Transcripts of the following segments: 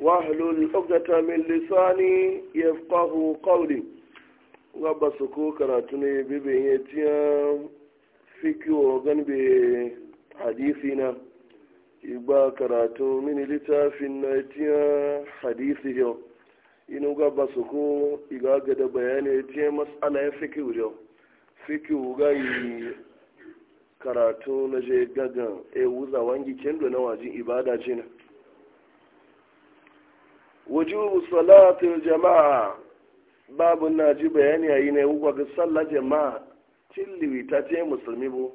واحلل عقدة من لساني يفقه قولي غبا سكو كراتوني فيكي وغن بحديثنا يبا كراتو من لتافين نيتيا حديثه inu ga su ko iga ga da bayani ya ce ya fiki wujo fiki wuga yi karatu na je gagan e wuza wangi kendo na wajin ibada ce wujubu salatul jama'a babu na ji bayani yayi ne wuka ga jama'a tilliwi ta ce musulmi bu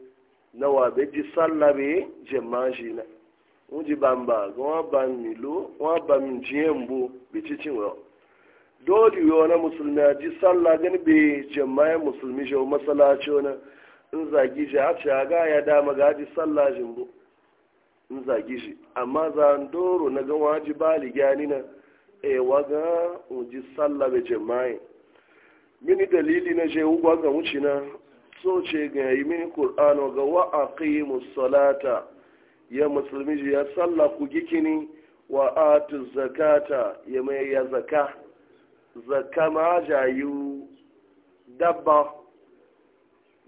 na wa be ji sallah be jama'a shi na wuji bamba ga wa ba mi lo wa ba mi wa na musulmi a ji sallah gani be jama'a musulmi shi masallaci na in ewa ga uji sallah be jama'i mini dalili na je ugwa ga muci na so ce ga yi mini qur'ano ga wa aqimu salata ya musulmi ya sallah ku gikini wa atu zakata ya mai ya zaka zaka ma jayu dabba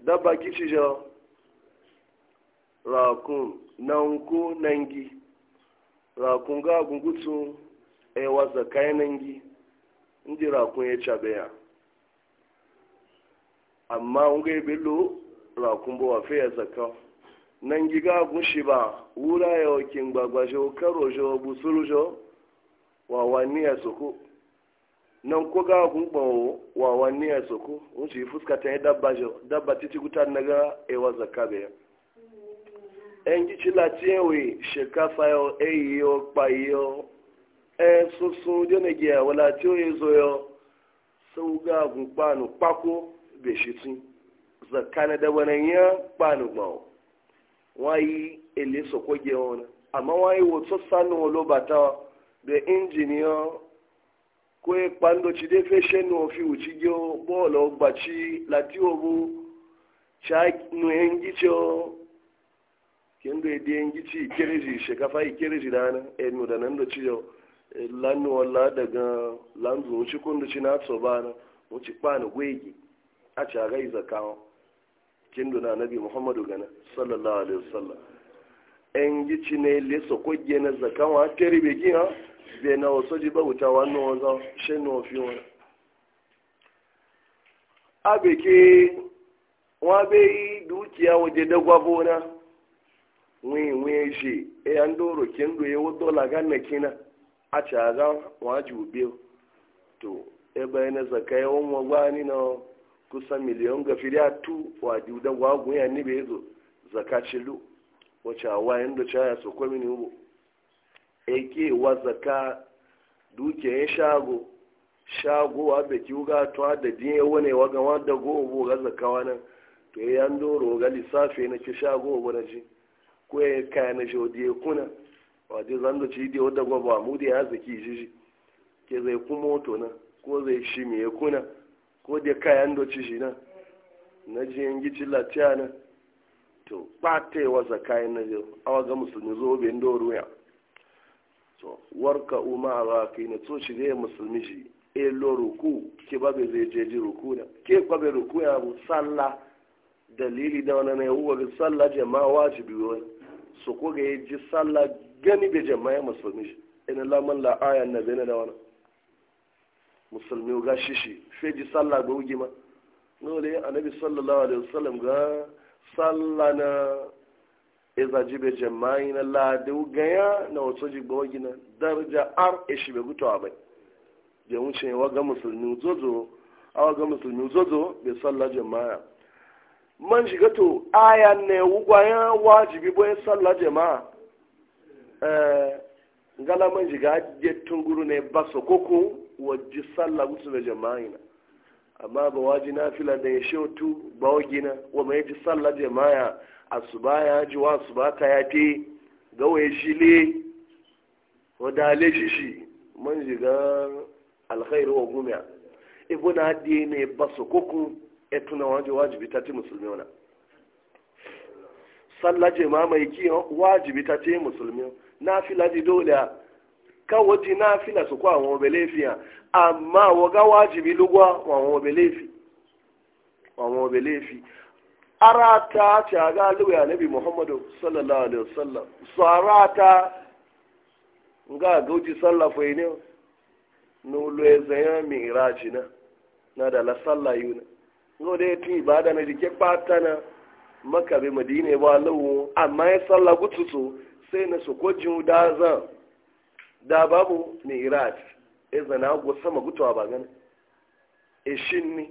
dabba kici jo rakun nanku nangi rakun ga gungutsu ewa eh, tsakanin gi ndi rakun ya cabe ya amma unga ya bello rakun ba wa fiye zaka nan gi ga gushi ba wura ya wakin gbagbajo karo jo busuru jo wani ya soko nan ko ga gun wa wani ya soko wuce fuska ta yi dabba jo dabba titi gutar na ga ewa zaka be ya en gi cila tiyewe shekafa yo eyi yo kpa yo e soso jene gya wala ti oye zoyo sau ga gun kpanu kpako be shi tun zakana da wani ya kpanu gbawo wọn yi ele sọkọ gẹ wọn àmọ wọn wò tó sanu wọn ló bàtà bẹ ẹnjìnìyàn kó e kpandochi dé fẹ ṣẹ nu òfin òtí gẹ ọ bọọlù ọgbàtí láti òbu ṣá nu ẹnjí tí ọ kí n lè di ẹnjí tí ìkérèjì ṣèkáfà dáná ẹnu dáná yọ. lanuwa wala daga lanzu wuce kundu ci na so ba na wuce kwana gwegi a ci a gai zakawa kindu na nabi muhammadu gana sallallahu alaihi wasallam en gi ci ne le so ko gena zakawa teri be gi ha be na so ji ba wuta wannan wazo shin no fi wona abeke wa be dukiya waje dagwa bona wi wi shi e an doro kindu ya wuto e dola na kina a caga waji to ebe na zaka yawan wagwani na kusan miliyon gafiri a tu waji da gwagun ya ni bai zo zaka cilu wacce awa wayan da caya su kwami ne ubo wa zaka dukiyan shago shago wa da kiwuga to da diye wane waga wadda gobo ga zaka wani to an doro ga lissafi na ke shago wa ji ko ya kaya na jodiye kuna waje zan da ci da wadda gwaba mu da ya zaki shi ke zai kuma wato na ko zai shi mai ya kuna ko da kayan doci shi na na ji gici latiya na to ɓata yi wasa kayan na jiyo awa ga musulmi zo bai ndo ruwa to warka ka yi na to shi zai musulmi shi e lo ruku ke ba bai zai je ji ruku na ke kwa bai ruku ya bu sallah dalili da wani na yawuwa bi sallah jama'a wajibi wani so ko ga ya ji sallah gani bai jama'a musulmi shi ina laman la'ayan na zai na da wani musulmi ga shishi feji sallah ga wuge ma yin annabi sallallahu alaihi wasallam ga sallah na iza jibe jama'i na ladu gaya na wato jigba wagi na darja ar shi bai gutu bai da wuce wa ga musulmi zozo awa ga musulmi zozo bai sallah jama'a man shiga to aya ne wugwayan wajibi bai sallah jama'a Eh, ngala man jiga je tunguru ne baso koko wajji salla musu da jama'ina amma ba waji na fila da ya shautu ba wagina wa mai ji sallah jama'a asuba ya ji wa asuba ka ya te ga waye shile wadale shi shi man jiga alkhairu wa gumiya ibuna hadi ne baso koko etuna waje wajibi ta ti musulmi wana sallah jama'a mai kiyon wajibi ta ti musulmi náfìlà ti dóòlì a káwọ́ ti náfìlà sọ́kọ́ àwọn ọbẹ̀ léèfì a amma àwọn gáwọ́ àjìbí lógún ara ta ti àga muhammadu sallallahu alaihi wa sallam sọ ara ta nga àga ó ti sálà fún ya n'olu ẹzẹ yẹn mìíràn jìnnà náà yiwu na sai na sokojin da zan da babu mai iraj e zana go sama gutuwa ba gani e shin ni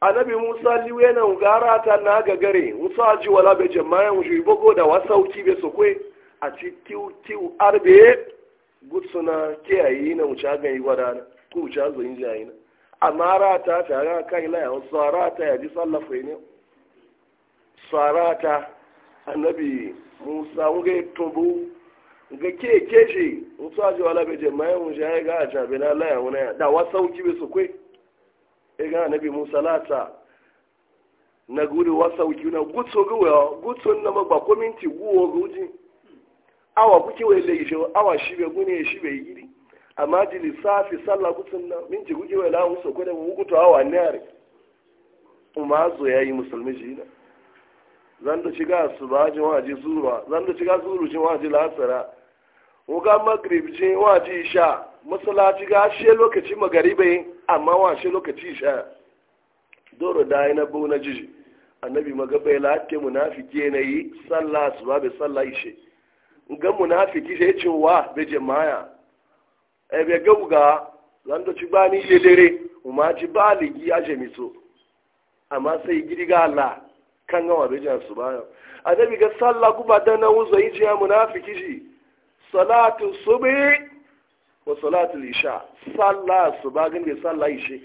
anabi musa liwe na ugara ta na gagare musa ji wala be jama'a wuji bogo da wasauki be sokwe a ci tiu tiu arbe gutsuna ke ayi na mu ga yi na ko wuce zo yin jayi na amma rata ta ga kai la ya sarata ya ji sallafa ne sarata annabi musa nge tubu nge ke keje musu aje wala be je mai mun je ga aja be na la ya da wasauki be su kwe e ga annabi musa lata na gudu wasauki na gutso ga wa gutso na magba ko minti guwo guji awa kuke wa le je awa shibe be gune shi be yiri amma ji lissafi sallah gutsun na minti guje wa la musu ko da mu gutu awa ne are umma zo yayi musulmi jina zan da shiga su ba ji waje zuwa zan da shiga zuru ji waji lasara uga magrib ji waji sha masallaci ga she lokaci magaribe amma wa she lokaci sha doro da na bau na jiji annabi magabai lakke munafiki ne yi sallah su ba be sallah ishe ga munafiki sai ce wa be jama'a e be gauga zan da ci bani dere umma ci baligi a amma sai gidiga Allah kan gawa bai jiya su baya annabi ga sallah guba da na wuzo yi jiya munafiki shi salatu subhi wa salatu isha sallah su ba gani sallah ishe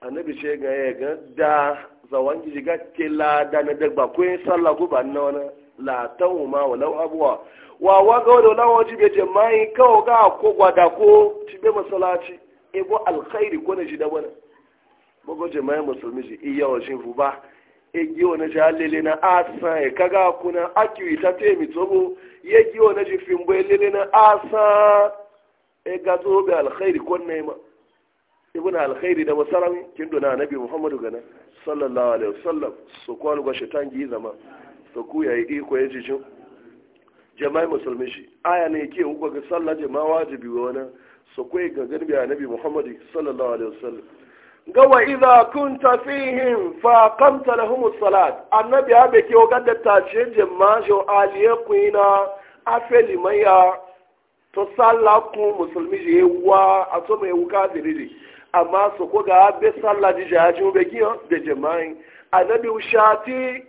annabi ce ga ya ga da zawan giji ga ke la da na dagba ko yin sallah kuma na wani la tauma ma walau abuwa wa wa ga wani wani ji bai jama'i kawo ga ko gwada ko ci bai masalaci ego alkhairi ko na ji da wani bugu jama'i musulmi ji iya wajen fuba. egi ona ji alele na asa e kaga kuna akiu mi tobo yegi ona ji fimbo elele na asa e gazo be alkhairi konna ma ibn alkhairi da wasarami kin na annabi muhammadu gana sallallahu alaihi wasallam so ko al shaitan gi zama so ku yayi iko yaji jin jama'i musulmi shi aya ne ke uku ga sallah jama'a wajibi wona so ko ga ganbi annabi muhammadu sallallahu alaihi wasallam ga wa kun kunta fihim fa qamta lahum humus salat annabi ya bai ke ogadda ta ce jemma jo aliye kuina afeli maya to salla ku musulmi je wa to mai wuka diriri amma so ko ga be salla ji ja ji be giyo de jemai annabi ushati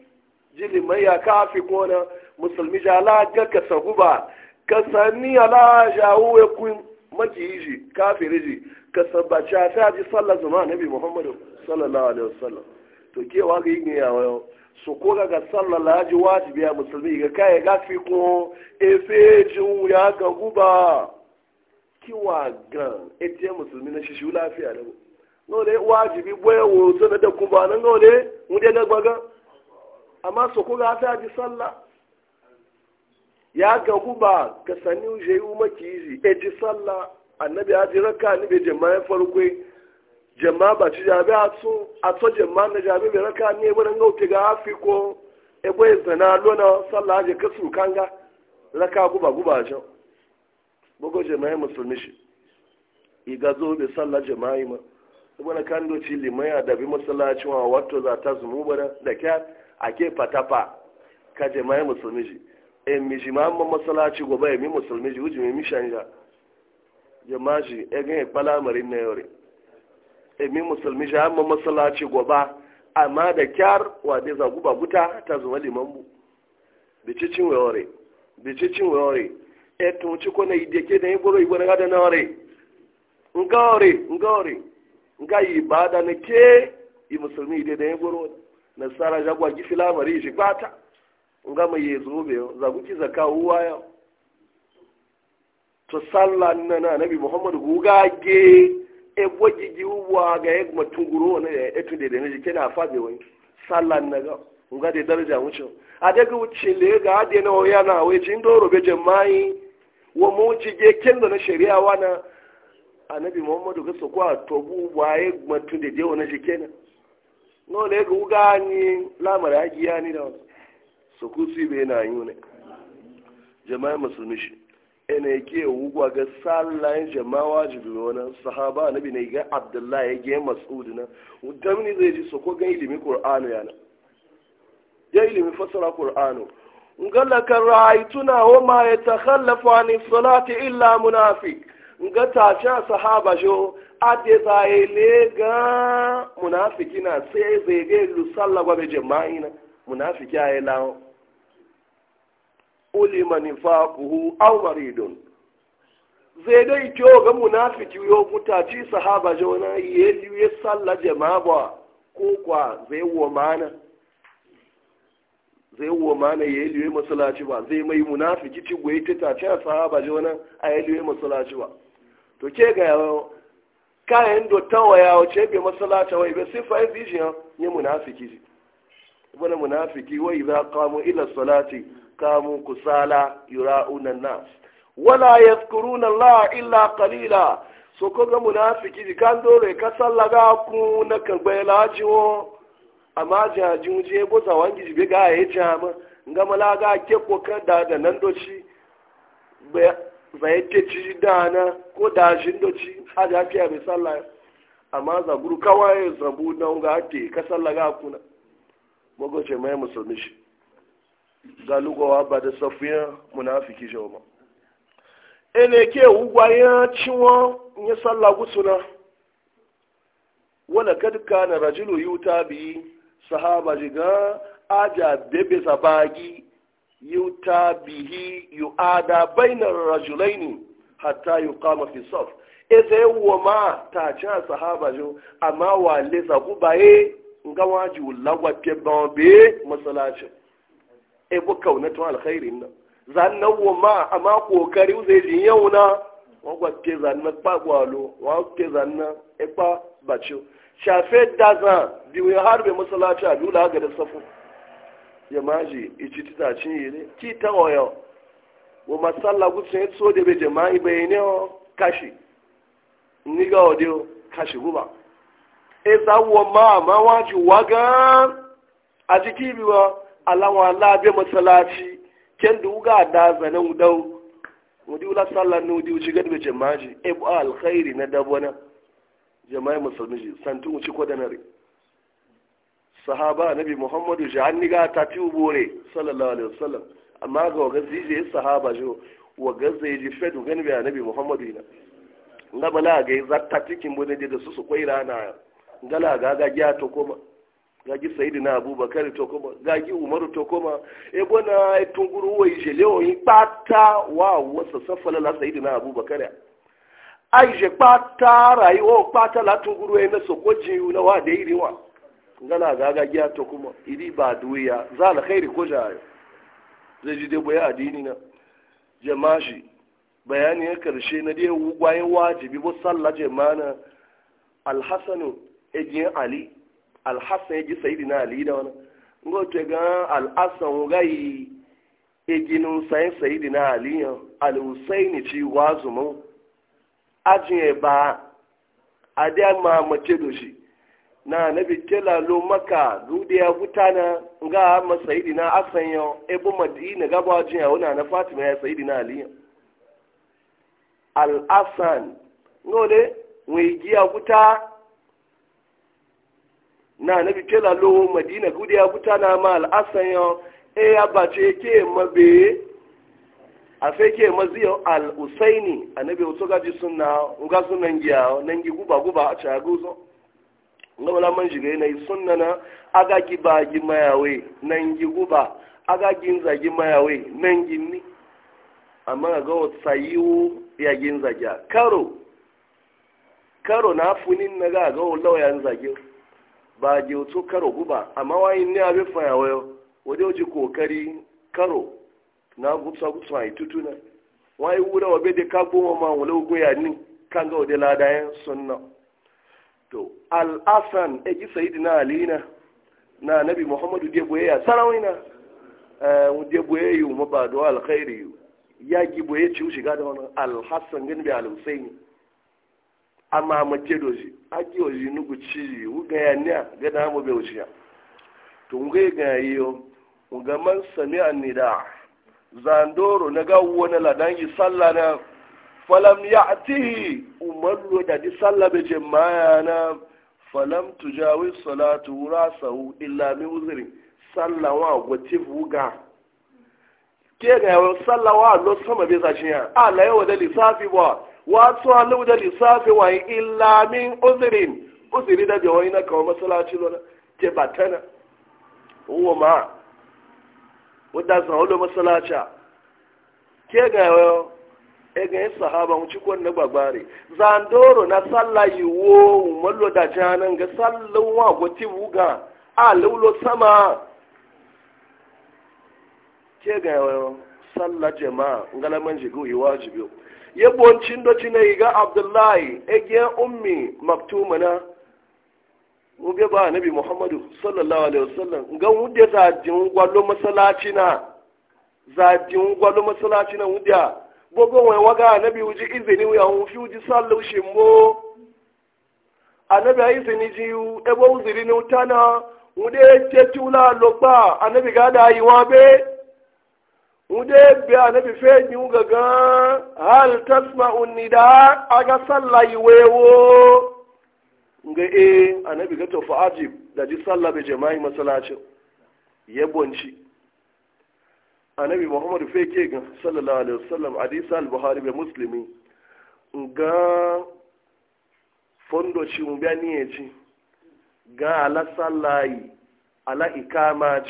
jili maya kafi kona musulmi ja la ga ka saguba ka sani ala jawo ku makiji kafiri ji kasabbaci a fi sallah zama nabi muhammadu sallallahu alaihi wasallam to ke wa ga yin yawa yau su ko ga sallar laji wajibi ya musulmi ga kai ga fi ko efe jin ya ga guba kiwa gan etiye musulmi na shishu lafiya da no le wajibi boye wo so da kuma nan no le mu de na gbaga amma su ko ga ta ji sallah ya ga guba ka sani je yi k'i ji e ji sallah annabi ya ji raka ni bai jama'a farko jama'a ba ci jabe a su a to jama'a na jabe bai raka ne wani gauke ga hafi ko ebe zana lona sallah je kasu kanga raka guba guba jan bugo jama'a musulmi shi iga zo bai sallah jama'a ma wani kan doci limai a dabi masallacin wa wato za ta zumu bana da kyar a ke fatafa ka jama'a musulmi shi e mi jima'an masallaci gobe ya mi musulmi shi ujimi mi shanja jamaji egin ikpala marin na yore emi musulmi shi amma masallaci goba amma da kyar wade zagu ba guta ta zuma liman bu bicicin wayore bicicin wayore e tun ci ko na ideke da iboro iboro ga da yori nga yori nga ore nga ibada ne ke i musulmi ide da yi iboro nasara jagwa gifila mari shi kwata nga mai yezo be zagu ki zakawa yau to sallah na bi nabi muhammadu gugage e boji jiwa ga e matunguro na e tunde da ne kena fabe wani salla na ga nga de daraja wucho ade ga wuce le ga ade na oya na we jin doro be jama'i wo mu ji ge kendo na shari'a wana annabi muhammadu ga so kwa tobu waye matunde de wona shi kenan no le ga uga ni lamara ya ni da so ku si be na yune jama'a musulmi shi ene ke wugwa ga sallan jama'a wajibi wani sahaba nabi ne ga abdullahi ya gaya mas'ud na damni zai ji so ko ga ilimin qur'anu yana ya ilimin fasara ƙur'anu. ngalla kan ra'aytuna wa ma yatakhallafu an salati illa munafiq nga ta cha sahaba jo ade zai le ga munafiki na sai zai ga lu sallagwa be jama'a ina munafiki ayi lawo ulima nifaquhu aw maridun zai dai kyo ga munafiki yo mutaci sahaba jona ye ye salla jama'a ba ko kwa zai wo mana zai wo mana ye liwe masallaci ba zai mai munafiki ci goyi ta ci sahaba jona a ye liwe masallaci ba to ke ga kayan do tawaya o ce be masallaci wai be sifa yi bijin ye munafiki wani munafiki wai za qamu ila salati kamu kusala yura'una nas wala yadhkuruna Allah illa qalila so ko ga munafiki kan dole ka sallaga ku na ka gbe lajiwo amma jajin je bo zawangi jibe ga ya jama nga malaga ke ko ka da da nan doci bai zai ke ci dana ko da jin doci a da fiya be sallah amma zaburu kawai zabu na ga ake ka sallaga ku na mago ce mai musulmi shi ga bada ba da safiya munafiki jau ba ene ke ugwaya ciwo ya sallah gusuna wala kad na rajulu yuta bi sahaba jiga aja bebe sabagi yuta bihi yuada baina rajulaini hatta yuqama fi saf eze wo ma ta cha sahaba jo amma wale sabu baye ngawaji lagwa pe bon be masalacin e bu kaunatun alkhairin nan zanna wo ma amma kokari zai jin yau na wọn gba ke zanna kpa gwalo wọn ke zanna e kpa bacho shafe dazan biyu harbe masalaci a dula ga da safu ya maji ichi tita cin ne. ki ta oyo wo masalla gutsun ya so da bai jama'i bai ne o kashi ni ga o kashi guba e za wo ma ma waji waga a jiki biwa alawa labe masalaci ken da uga da zanen udau wadi ula sallan ni wadi uci gadi bace maji ebu alkhairi na dabona jama'i musulmi ji santun uci kwadanare sahaba nabi muhammadu ji an niga ta ti ubore sallallahu alaihi wasallam amma ga waga zije sahaba jo waga zai ji fedu gani bai nabi muhammadu ina bala ga zatta tikin bude da su su kwaira na ngala ga ga ya to koma gagi sayidina abubakar tokoma gagi umaru tokoma ebona etunguru wa ijele oyin pata wa wasa safala la sayidina abubakar aije pata rayuwa pata la tunguru ene sokoji na wa de iri wa ngana ga gagi tokoma iri ba duya za la khairi ko ja zai ji de boya adini na jama'i bayani ya karshe na dai gwaye wajibi bo sallah jama'a alhasanu ejin ali alhassan ya ji sayidi na ali da wani te ga alhassan gai eginin sayin sayidi na ali yan alhussaini ci wazumu ajiye ba ade ma mace doshi na nabi tela lo maka dude ya butana nga ma sayidi na asan yan ebo madina gaba ajiye wani na fatima ya sayidi na ali yan alhassan ngole wai ya wuta na nabi la lo madina gudiya abuta na ma al'asan yo e abace ke mabe a fe ke maziyo al usaini annabi wato gaji sunna uga sunan giya nangi guba guba a caguzo ngama la man jiga yana sunna na aga gi ba gi mayawe nangi guba aga gi zagi mayawe nangi ni amma ga wata tsayiwu ya gi zagi karo karo na funin na ga ga lawayan zagi ba gyautu karo guba amma wayin ne wayo fayawayo wadda ji kokari karo na gutsa gutsa a tutuna wayi wura wa bede ka goma ma wala ya ni kan ga wadda ladayen sunna to al'asan e ji na alina na nabi muhammadu de boye ya sarawina eh de boye yu mabadu alkhairi ya gi boye ci shiga da wannan alhasan gani bi al-husaini ama mace dozi aki ozi nugu ciji uga ya nya ga da mu bewo ciya to ngai ga yo ga man sami annida zandoro na ga wona ladangi sallah na falam ya'tihi umarlo da di sallah be ya na falam tujawi salatu rasahu illa min uzri sallah wa gwati fuga ke ga sallah wa lo sama be zaciya a la yawa da lisafi ba wasu halu da lissafi wa ilamin min uzirin uziri da jawai na kawo masalaci lona ke batana uwa ma wadda san hulu masalaca ke ga yawo e yin sahaba mu cikon na gbagbare zandoro na salla yiwo umarlo da janan ga sallan wa gwati buga a lulo sama ke ga yawo sallah jama'a ngalaman jigo yi wajibi ya boncin da ci ne ga abdullahi ummi maktuma na muge ba nabi muhammadu sallallahu alaihi wasallam ga wude za jin gwalo masallaci na za jin gwalo masallaci na wude gogo wai waga nabi uji izini ya wufi fi uji sallu shi mo anabi a izini ji ebe wuziri na utana wude tetula lokpa anabi ga da yi wa wude a na bife yi wuga ga hal tasma unida aga sallai wewo nga e anabi ga tofa ajib da ji sallah be jama'i masalacin ya bonci anabi muhammad fe ke ga sallallahu alaihi wasallam hadisi al-buhari be muslimi nga fondo ci mu biya ci ga ala sallai ala ikama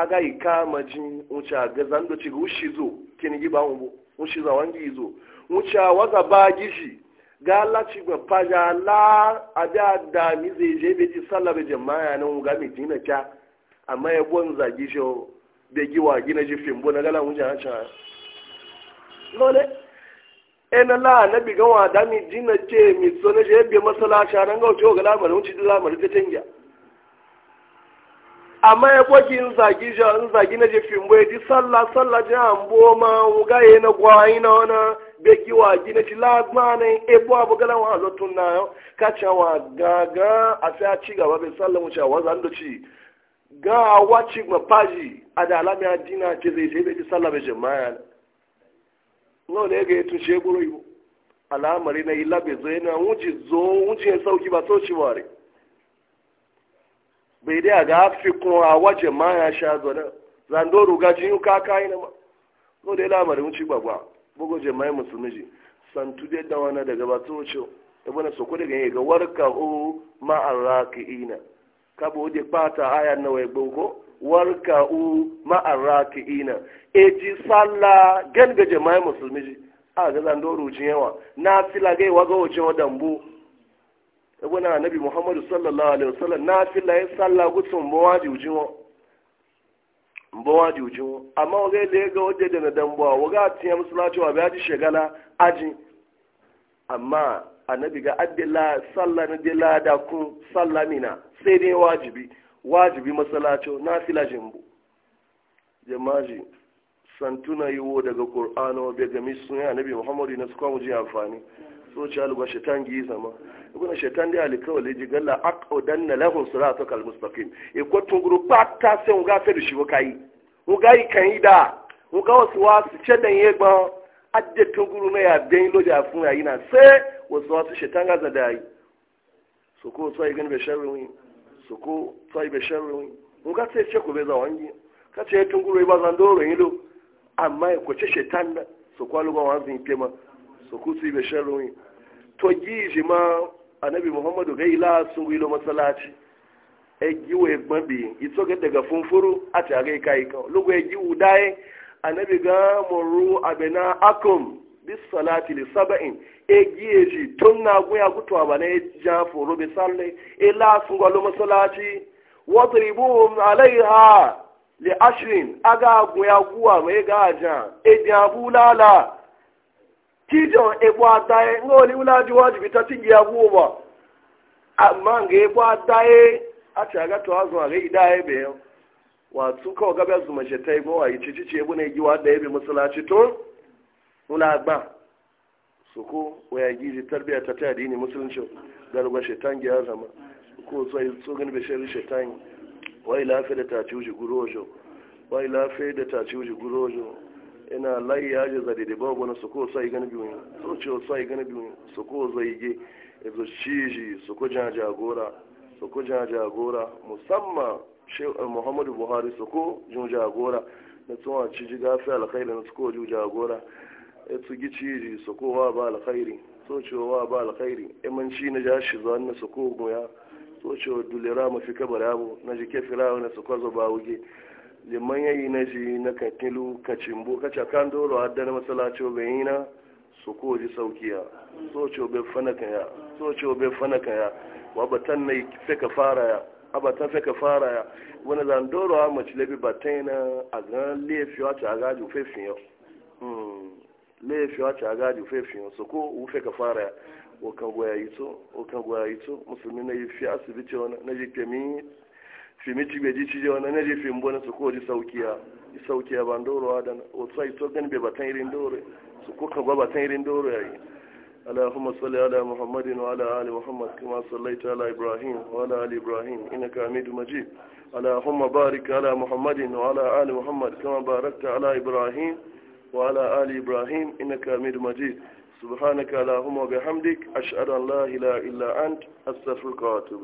haga ika majin wuce ga zando ci wushi zo kini gi ba mu wushi za wangi zo wuce waza ba gishi ga Allah ci gba paja la ada da mi zai je be ji sallah be jama'a nan ga mi dina ta amma ya bon za gishi be gi wa gina ji fimbo na gala wuce ha cha lole ena la na bi ga wa da mi dina ce mi so na je be masalaci nan ga wuce ga lamarin wuce lamarin ta tengiya ama ya boki in zagi ja in zagi na jefin bai di sallah sallah ja an boma wuga ye na gwai na wana be ki wa gi na ti lagma ne e bo abu gala wa lotun na yo ka cha wa ga a sai a ci gaba be sallah mu cha wa zan ndo chi ga wa ci ma paji ada alami adina ce zai sai be di sallah be jama'a no ne ga tu she guro yo alamari na illa be zai na wuci zo wuci sauki ba so ci bare bai dai ga fi kun a waje ma ya sha zana zandoro ga jin ka kai na ma no dai lamarin ci gbagba bugo je mai musulmi ji santu dai da wani daga ba to ce ibn soko daga ga warka u ma arraqiina ka bo de pata aya na wai bugo warka u ma arraqiina e ji salla gan ga je mai musulmi ji a ga zandoro ji yawa na fila ga wa ga wajen wadan bu ibn annabi muhammadu sallallahu alaihi wa sallam na filla ya sallah gutsun mbawa jujuwa mbawa jujuwa amma wagai da ya ga wadda da na dambuwa waga tiya musulaci wa bai shagala aji amma annabi ga addila sallah na dila da kun sallah mina sai dai wajibi wajibi masalacin na fila jimbu jamaji santuna yiwo daga ƙur'ano bai gami sun yi annabi muhammadu na su kwamu ji amfani so ci aluga shaitan gi sama ibn shaitan dai alikawali ji galla aqodan na lahum siratal almustaqim e ko tunguru pata se unga fe du shiwo kai unga yi kan ida unga wasu wasu chedan ye gba adde tunguru na ya den lo ja fun ya ina se wasu wasu shaitan ga yi so ko so yi gan be sharri so ko so yi be sharri unga se che ko be za wangi ka ce tunguru ba zan doro yin lo amma ko ce shaitan so ko aluga wanzin pema su ibe shan sharri to giji ma anabi muhammadu gai ila sun wilo masalaci egi giwe gbabi ito ga daga funfuru a ta gai kai ka lugu egi giwu anabi ga muru abena akum bis salati li saba'in egi giyeji tun na goya gutuwa bana e ja foro be salle e la sun wilo masalaci wadribuhum alaiha li ashirin aga goya guwa mai e ga ajan e diabulala kijon ebo adaye nga ula ulaji wajibi bitati ya kuwa amma nga ebo adaye ati aga to azu aga idaye be tsuka o gabe azu ai chichi che bu ne giwa igi wadaye be musalaci to ula agba suku waya gizi tarbiya ta ta dini musulunci garba shetan ya zama ko sai so gani be shari shetan wai lafiya da ta ci uji gurojo wai lafiya da ta ci uji gurojo ina layi ya je zade da babu wani soko sai gani biyu so ce sai gani biyu ko zai ge ezo shiji soko jan jagora soko jan jagora musamman shehu muhammadu buhari soko jun jagora na tsawa ciji gafi alkhairi na soko jun jagora su gi ciji soko wa ba alkhairi so ce wa ba alkhairi imanci na ja shi zuwa na ko goya so ce dulera mafi kabar yabo na jike firawa na soko zuba wuge liman yayi na shi na ka cimbo ka kaca kan doro hadda na masalaci obayi na su ko ji saukiya so ce obe fana ya so ce obe fana ya wa batan na fe ka fara ya ta fe ka fara ya wani zan doro a mace labi batan na a gan lefi wace a gaji ufe fiyo hmm, lefi wace a gaji fin ya su ko fe ka fara ya o kan goya yi to kan goya yi to musulmi na yi fi asibiti wani na jike kemi fimiti be di tije wana nadi fim bona su ko di saukiya di saukiya ban doro adan o sai to gan be batan irin doro su ko ka gaba tan irin doro yayi ala muhammadin wa ala muhammad kama sallaita ala ibrahim wa ala ali ibrahim innaka hamidu majid allahumma barik ala muhammadin wa ala ali muhammad kama barakta ala ibrahim wa ala ali ibrahim innaka hamidu majid subhanaka allahumma bihamdik ashhadu an la ilaha ant astaghfiruka wa atubu